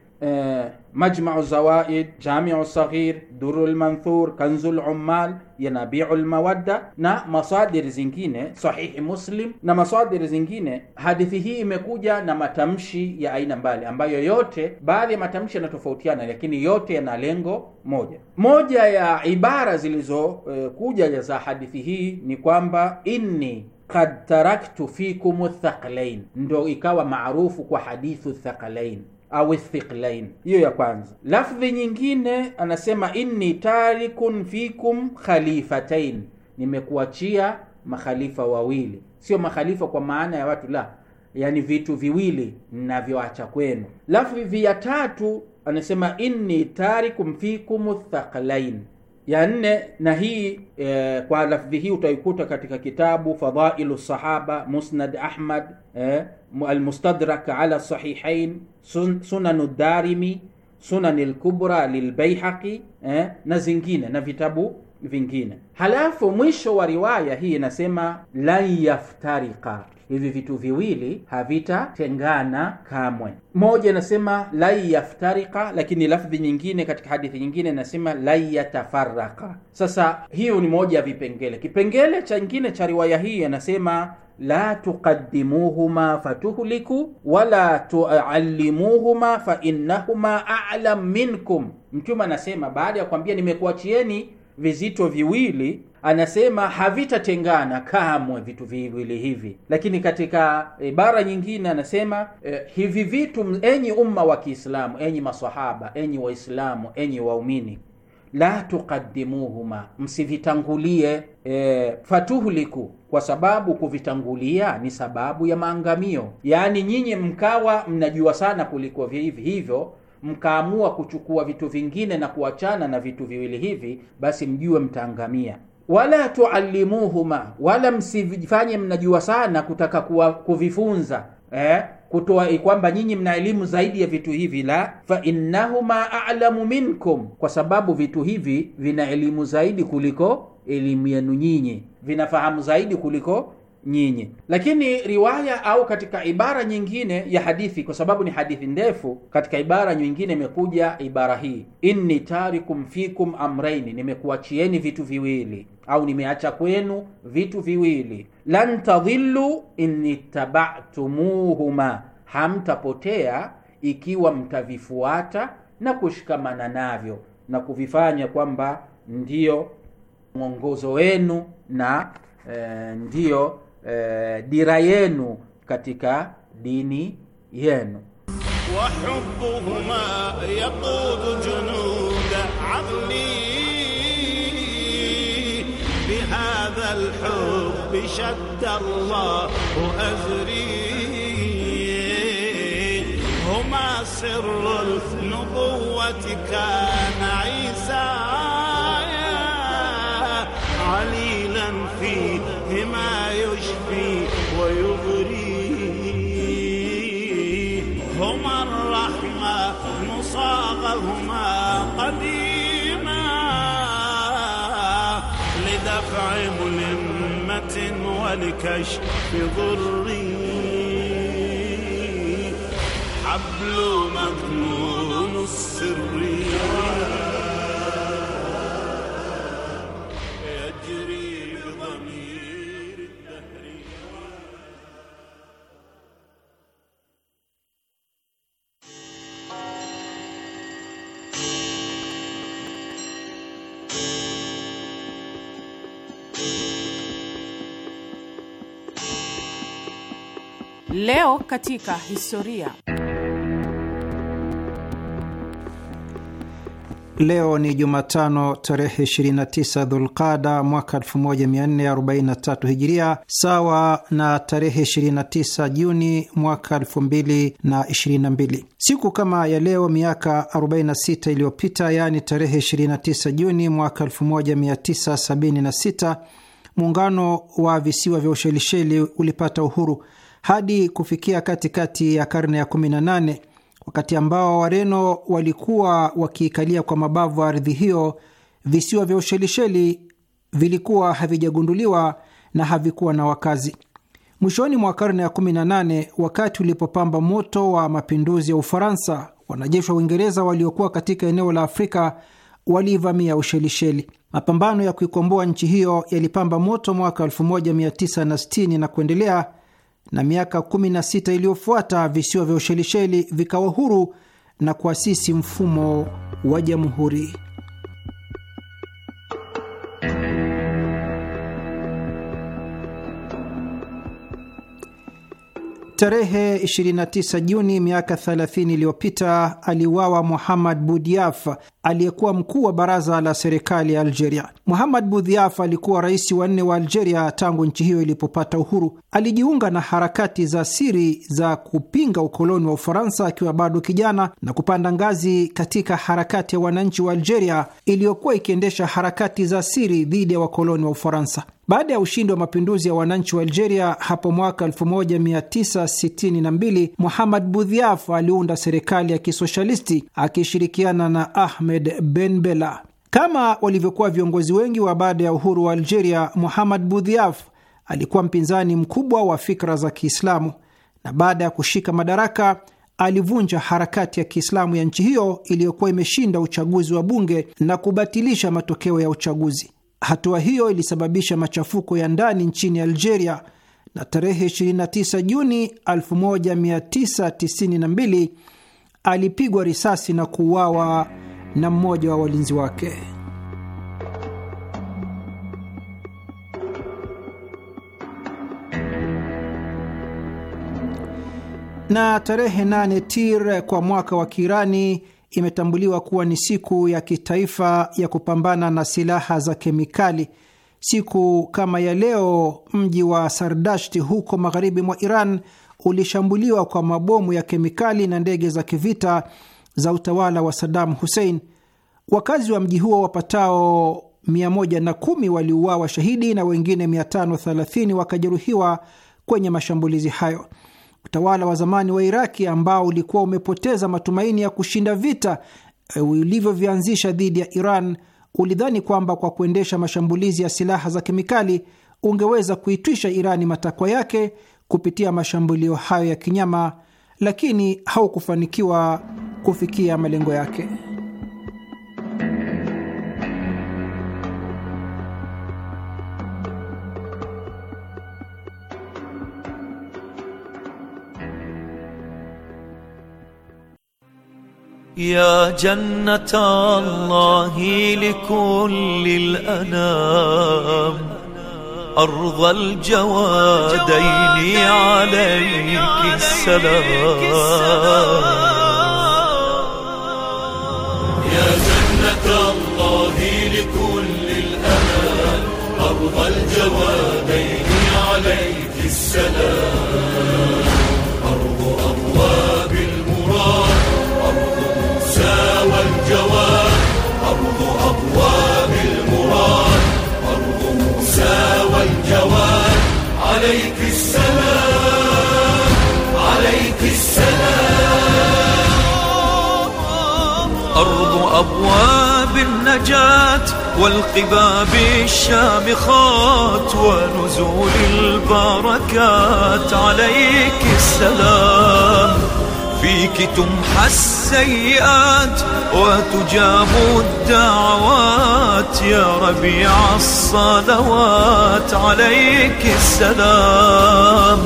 majmau zawaid jamiu saghir duru lmanthur kanzu lummal yanabiu lmawadda na masadiri zingine sahihi muslim na masadiri zingine hadithi hii imekuja na matamshi ya aina mbali ambayo yote baadhi ya matamshi yanatofautiana lakini yote yana lengo moja moja ya ibara zilizokuja eh, za hadithi hii ni kwamba inni kad taraktu fikum thaqlain ndo ikawa maarufu kwa hadithu thaqalain au thiqlain. Hiyo ya kwanza. Lafdhi nyingine anasema inni tarikun fikum khalifatain, nimekuachia makhalifa wawili. Sio makhalifa kwa maana ya watu, la, yani vitu viwili ninavyoacha kwenu. Lafdhi ya tatu anasema inni tarikum fikum thaqlain ya nne na hii e, kwa lafdhi hii utaikuta katika kitabu Fadhailu Sahaba, Musnad Ahmad e, Almustadrak ala Sahihain, Sunanu Darimi, Sunani Lkubra Lilbaihaqi eh, na zingine na vitabu vingine. Halafu mwisho wa riwaya hii inasema lan yaftarika hivi vitu viwili havitatengana kamwe. Moja inasema lai yaftarika, lakini lafdhi nyingine katika hadithi nyingine inasema lai yatafaraka. Sasa hiyo ni moja ya vipengele. Kipengele changine cha riwaya hii inasema la tuqaddimuhuma fatuhliku wala tualimuhuma fa innahuma a'lam minkum. Mtume anasema baada ya kuambia nimekuachieni vizito viwili, anasema havitatengana kamwe vitu viwili hivi. Lakini katika ibara nyingine anasema eh, hivi vitu, enyi umma wa Kiislamu, enyi masahaba, enyi Waislamu, enyi waumini la tuqaddimuhuma, msivitangulie e, eh, fatuhliku, kwa sababu kuvitangulia ni sababu ya maangamio. Yaani nyinyi mkawa mnajua sana kuliko hivi hivyo mkaamua kuchukua vitu vingine na kuachana na vitu viwili hivi, basi mjue mtaangamia. Wala tuallimuhuma, wala msifanye mnajua sana kutaka kuwa, kuvifunza eh? kutoa kwamba nyinyi mna elimu zaidi ya vitu hivi, la fa innahuma a'lamu minkum, kwa sababu vitu hivi vina elimu zaidi kuliko elimu yenu nyinyi, vinafahamu zaidi kuliko nyinyi. Lakini riwaya au katika ibara nyingine ya hadithi, kwa sababu ni hadithi ndefu, katika ibara nyingine imekuja ibara hii, inni tarikum fikum amraini, nimekuachieni vitu viwili au nimeacha kwenu vitu viwili, lan tadhillu inittaba'tumuhuma, hamtapotea ikiwa mtavifuata na kushikamana navyo na kuvifanya kwamba ndiyo mwongozo wenu na e, eh, ndiyo eh, dira yenu katika dini yenu وحبهما يقود جنود عقلي بهذا الحب شد الله أزري هما سر النبوة كان عيسى علي فيه ما يشفي ويغريه هما الرحمة مصاغهما قديما لدفع ملمة ولكشف ضري حبل من Leo katika historia. Leo ni Jumatano tarehe 29 Dhulqada mwaka 1443 Hijiria, sawa na tarehe 29 Juni mwaka 2022. Siku kama ya leo miaka 46 iliyopita, yaani tarehe 29 Juni mwaka 1976, muungano wa visiwa vya Ushelisheli ulipata uhuru hadi kufikia katikati ya karne ya 18 wakati ambao Wareno walikuwa wakiikalia kwa mabavu ardhi hiyo. Visiwa vya Ushelisheli vilikuwa havijagunduliwa na havikuwa na wakazi. Mwishoni mwa karne ya 18, wakati ulipopamba moto wa mapinduzi ya Ufaransa, wanajeshi wa Uingereza waliokuwa katika eneo la Afrika waliivamia Ushelisheli. Mapambano ya kuikomboa nchi hiyo yalipamba moto mwaka 1960 na kuendelea na miaka 16 iliyofuata visiwa vya Ushelisheli vikawa huru na kuasisi mfumo wa jamhuri. Tarehe 29 Juni miaka 30 iliyopita aliuawa Muhammad Budiaf, aliyekuwa mkuu wa baraza la serikali ya Algeria. Muhamad Budhiaf alikuwa rais wa nne wa Algeria tangu nchi hiyo ilipopata uhuru. Alijiunga na harakati za siri za kupinga ukoloni wa Ufaransa akiwa bado kijana na kupanda ngazi katika harakati ya wananchi wa Algeria iliyokuwa ikiendesha harakati za siri dhidi ya wakoloni wa Ufaransa. Baada ya ushindi wa mapinduzi ya wananchi wa Algeria hapo mwaka 1962, Muhamad Budhiaf aliunda serikali ya kisoshalisti akishirikiana na Ahmed Mohamed Ben Bella. Kama walivyokuwa viongozi wengi wa baada ya uhuru wa Algeria, Muhammad Budhiaf alikuwa mpinzani mkubwa wa fikra za Kiislamu na baada ya kushika madaraka alivunja harakati ya Kiislamu ya nchi hiyo iliyokuwa imeshinda uchaguzi wa bunge na kubatilisha matokeo ya uchaguzi. Hatua hiyo ilisababisha machafuko ya ndani nchini Algeria na tarehe 29 Juni 1992 alipigwa risasi na kuuawa na mmoja wa walinzi wake. Na tarehe nane Tir kwa mwaka wa Kirani imetambuliwa kuwa ni siku ya kitaifa ya kupambana na silaha za kemikali. Siku kama ya leo, mji wa Sardashti huko magharibi mwa Iran ulishambuliwa kwa mabomu ya kemikali na ndege za kivita za utawala wa Saddam Hussein. Wakazi wa mji huo wapatao 110 waliuawa shahidi na wengine 530 wakajeruhiwa kwenye mashambulizi hayo. Utawala wa zamani wa Iraki ambao ulikuwa umepoteza matumaini ya kushinda vita eh, ulivyovianzisha dhidi ya Iran ulidhani kwamba kwa kuendesha mashambulizi ya silaha za kemikali ungeweza kuitwisha Irani matakwa yake kupitia mashambulio hayo ya kinyama lakini haukufanikiwa kufikia malengo yake. Ya likulli al-anam أرض الجوادين عليك السلام يا جنة الله لكل الأمان أرض الجوادين عليك السلام الجواد عليك السلام عليك السلام أرض أبواب النجاة والقباب الشامخات ونزول البركات عليك السلام فيك تمحى السيئات وتجاب الدعوات يا ربيع الصلوات عليك السلام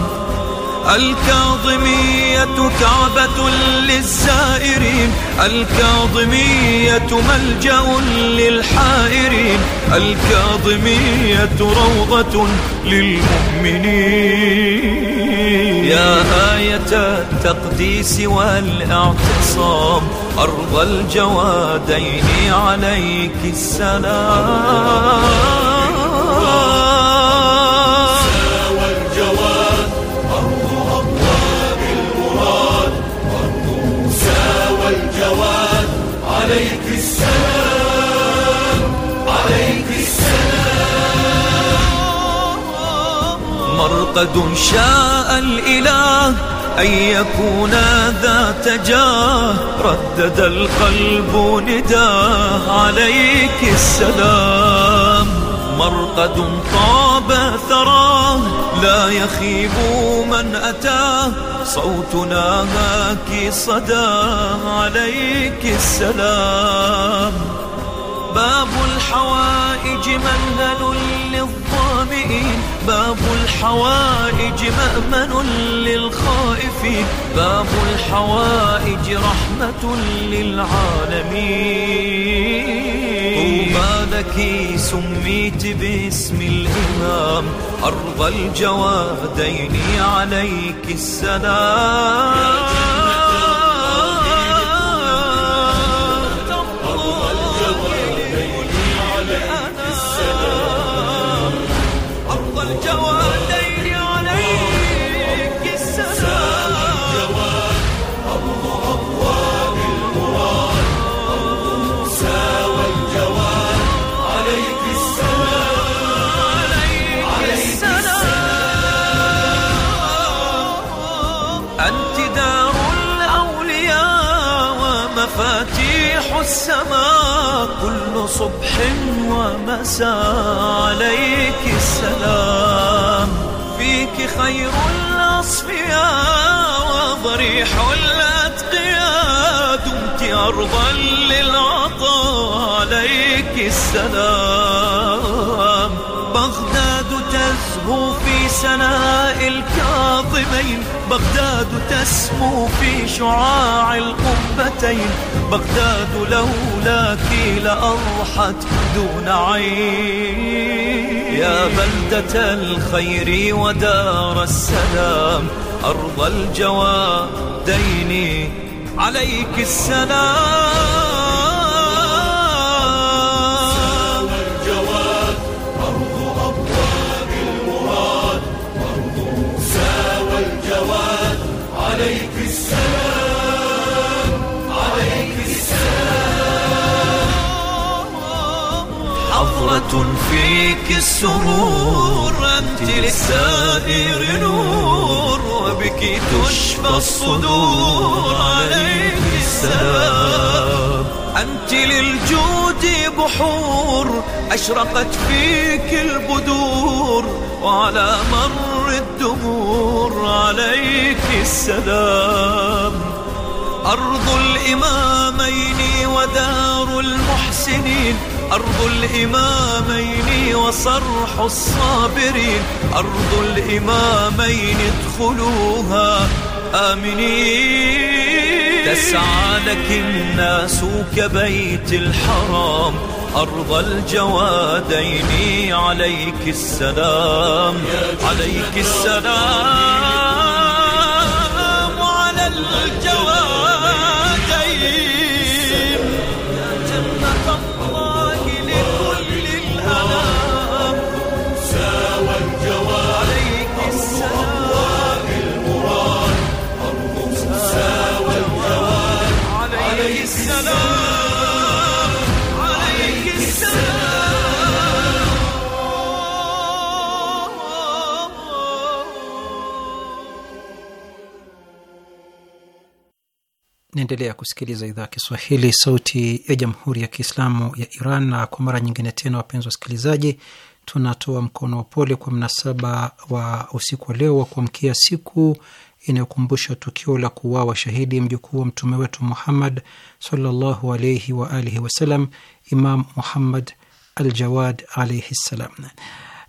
الكاظمية كعبة للزائرين الكاظمية ملجأ للحائرين الكاظمية روضة للمؤمنين يا آية التقوى سوى والاعتصام أرض الجوادين عليك السلام عليك السلام عليك السلام مرقد شاء الإله أن يكون ذا تجاه ردد القلب نداه عليك السلام مرقد طاب ثراه لا يخيب من أتاه صوتنا هاك صدى عليك السلام باب الحوائج مأمن للظامئين باب الحوائج مأمن للخائفين باب الحوائج رحمة للعالمين طوبى لك سميت باسم الإمام أرض الجوادين عليك السلام مفاتيح السماء كل صبح ومساء عليك السلام فيك خير الأصفياء وضريح الأتقياء دمت أرضا للعطاء عليك السلام بغداد تزهو في سناء الكاظمين بغداد تسمو في شعاع القبتين بغداد لولاك لأضحت دون عين يا بلدة الخير ودار السلام أرض الجوادين عليك السلام فيك السرور أنت للسائر نور وبك تشفى الصدور عليك السلام أنت للجود بحور أشرقت فيك البدور وعلى مر الدبور عليك السلام أرض الإمامين ودار المحسنين أرض الإمامين وصرح الصابرين أرض الإمامين ادخلوها آمنين تسعى لك الناس كبيت الحرام أرض الجوادين عليك السلام عليك السلام على الجوادين Naendelea kusikiliza idhaa ya Kiswahili, sauti ya jamhuri ya kiislamu ya Iran. Na kwa mara nyingine tena, wapenzi wasikilizaji, tunatoa mkono wa pole kwa mnasaba wa usiku wa leo wa kuamkia siku inayokumbusha tukio la kuuawa shahidi mjukuu wa mtume wetu Muhammad sallallahu alaihi wa alihi Imam Muhammad al Jawad alaihi ssalam.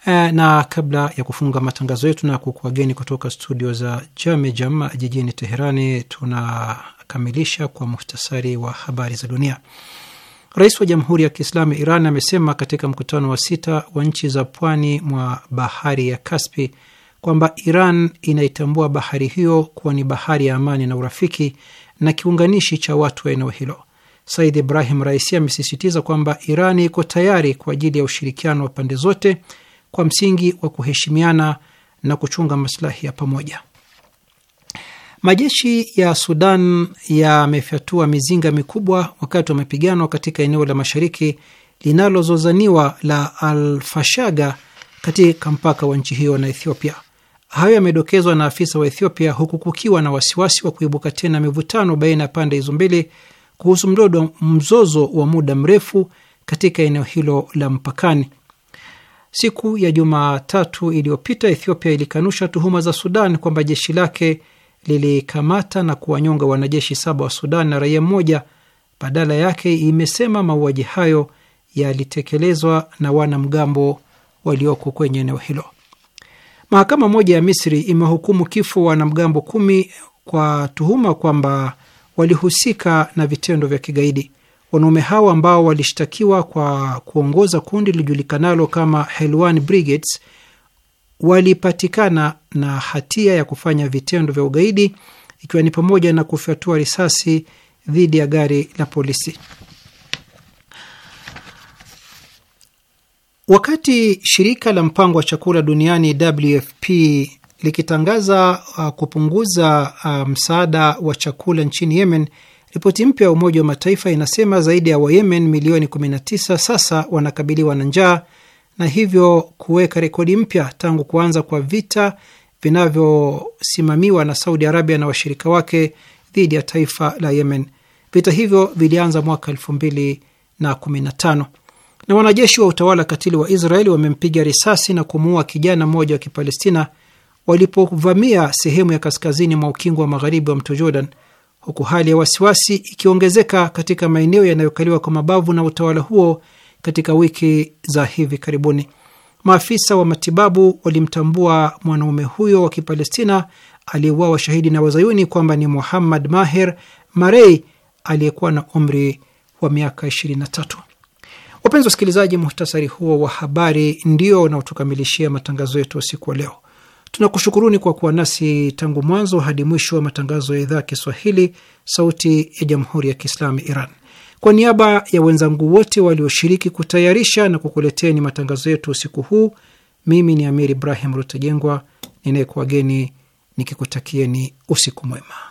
E, na kabla ya kufunga matangazo yetu na kukuageni kutoka studio za Jamejam jijini Teherani, tuna nitakamilisha kwa muhtasari wa habari za dunia. Rais wa Jamhuri ya Kiislamu ya Iran amesema katika mkutano wa sita wa nchi za pwani mwa bahari ya Kaspi kwamba Iran inaitambua bahari hiyo kuwa ni bahari ya amani na urafiki na kiunganishi cha watu wa eneo hilo. Said Ibrahim Raisi amesisitiza kwamba Iran iko tayari kwa ajili ya ushirikiano wa pande zote kwa msingi wa kuheshimiana na kuchunga masilahi ya pamoja. Majeshi ya Sudan yamefyatua mizinga mikubwa wakati wa mapigano katika eneo la mashariki linalozozaniwa la Alfashaga katika mpaka wa nchi hiyo na Ethiopia. Hayo yamedokezwa na afisa wa Ethiopia, huku kukiwa na wasiwasi wa kuibuka tena mivutano baina ya pande hizo mbili kuhusu mdodo mzozo wa muda mrefu katika eneo hilo la mpakani. Siku ya Jumatatu iliyopita Ethiopia ilikanusha tuhuma za Sudan kwamba jeshi lake lilikamata na kuwanyonga wanajeshi saba wa Sudan na raia mmoja. Badala yake imesema mauaji hayo yalitekelezwa na wanamgambo walioko kwenye eneo hilo. Mahakama moja ya Misri imewahukumu kifo wanamgambo kumi kwa tuhuma kwamba walihusika na vitendo vya kigaidi. Wanaume hao ambao walishtakiwa kwa kuongoza kundi lilijulikanalo kama Helwan Brigades walipatikana na hatia ya kufanya vitendo vya ugaidi ikiwa ni pamoja na kufyatua risasi dhidi ya gari la polisi. Wakati shirika la mpango wa chakula duniani WFP likitangaza uh, kupunguza uh, msaada wa chakula nchini Yemen, ripoti mpya ya Umoja wa Mataifa inasema zaidi ya Wayemen milioni 19 sasa wanakabiliwa na njaa na hivyo kuweka rekodi mpya tangu kuanza kwa vita vinavyosimamiwa na Saudi Arabia na washirika wake dhidi ya taifa la Yemen. Vita hivyo vilianza mwaka elfu mbili na kumi na tano na wanajeshi wa utawala katili wa Israeli wamempiga risasi na kumuua kijana mmoja wa Kipalestina walipovamia sehemu ya kaskazini mwa ukingo wa magharibi wa mto Jordan, huku hali ya wasiwasi ikiongezeka katika maeneo yanayokaliwa kwa mabavu na utawala huo katika wiki za hivi karibuni. Maafisa wa matibabu walimtambua mwanaume huyo wa Kipalestina aliyeuawa shahidi na wazayuni kwamba ni Muhammad Maher Marei aliyekuwa na umri wa miaka 23. Wapenzi wasikilizaji, muhtasari huo wa habari ndio unaotukamilishia matangazo yetu usiku wa leo. Tunakushukuruni kwa kuwa nasi tangu mwanzo hadi mwisho wa matangazo ya idhaa ya Kiswahili, Sauti ya Jamhuri ya Kiislamu Iran. Kwa niaba ya wenzangu wote walioshiriki kutayarisha na ni matangazo yetu usiku huu, mimi ni Amir Ibrahim Rutajengwa ninayekuwageni nikikutakieni usiku mwema.